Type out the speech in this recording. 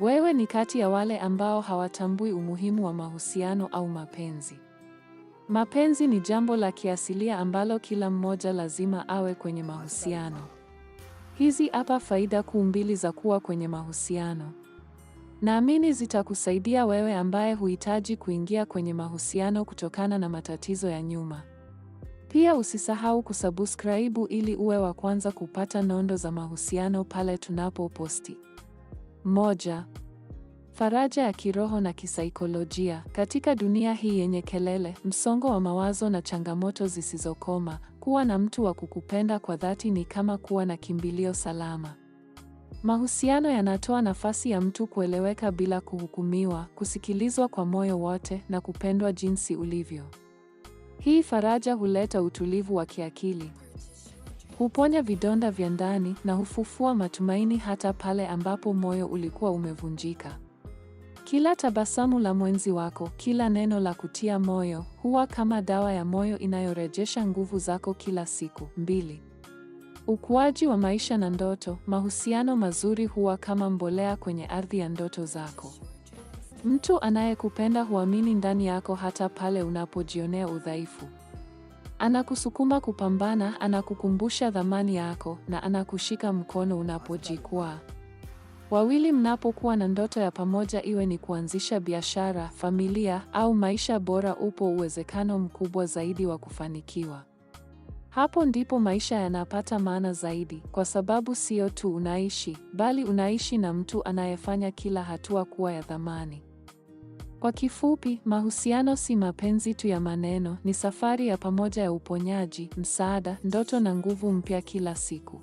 Wewe ni kati ya wale ambao hawatambui umuhimu wa mahusiano au mapenzi. Mapenzi ni jambo la kiasilia ambalo kila mmoja lazima awe kwenye mahusiano. Hizi hapa faida kuu mbili za kuwa kwenye mahusiano. Naamini zitakusaidia wewe ambaye huhitaji kuingia kwenye mahusiano kutokana na matatizo ya nyuma. Pia usisahau kusubscribe ili uwe wa kwanza kupata nondo za mahusiano pale tunapoposti. Moja. Faraja ya kiroho na kisaikolojia. Katika dunia hii yenye kelele, msongo wa mawazo na changamoto zisizokoma, kuwa na mtu wa kukupenda kwa dhati ni kama kuwa na kimbilio salama. Mahusiano yanatoa nafasi ya mtu kueleweka bila kuhukumiwa, kusikilizwa kwa moyo wote na kupendwa jinsi ulivyo. Hii faraja huleta utulivu wa kiakili. Huponya vidonda vya ndani na hufufua matumaini hata pale ambapo moyo ulikuwa umevunjika. Kila tabasamu la mwenzi wako, kila neno la kutia moyo, huwa kama dawa ya moyo inayorejesha nguvu zako kila siku. Mbili. Ukuaji wa maisha na ndoto, mahusiano mazuri huwa kama mbolea kwenye ardhi ya ndoto zako. Mtu anayekupenda huamini ndani yako hata pale unapojionea udhaifu. Anakusukuma kupambana, anakukumbusha dhamani yako na anakushika mkono unapojikwaa. Wawili mnapokuwa na ndoto ya pamoja, iwe ni kuanzisha biashara, familia au maisha bora, upo uwezekano mkubwa zaidi wa kufanikiwa. Hapo ndipo maisha yanapata maana zaidi, kwa sababu sio tu unaishi, bali unaishi na mtu anayefanya kila hatua kuwa ya thamani. Kwa kifupi, mahusiano si mapenzi tu ya maneno, ni safari ya pamoja ya uponyaji, msaada, ndoto na nguvu mpya kila siku.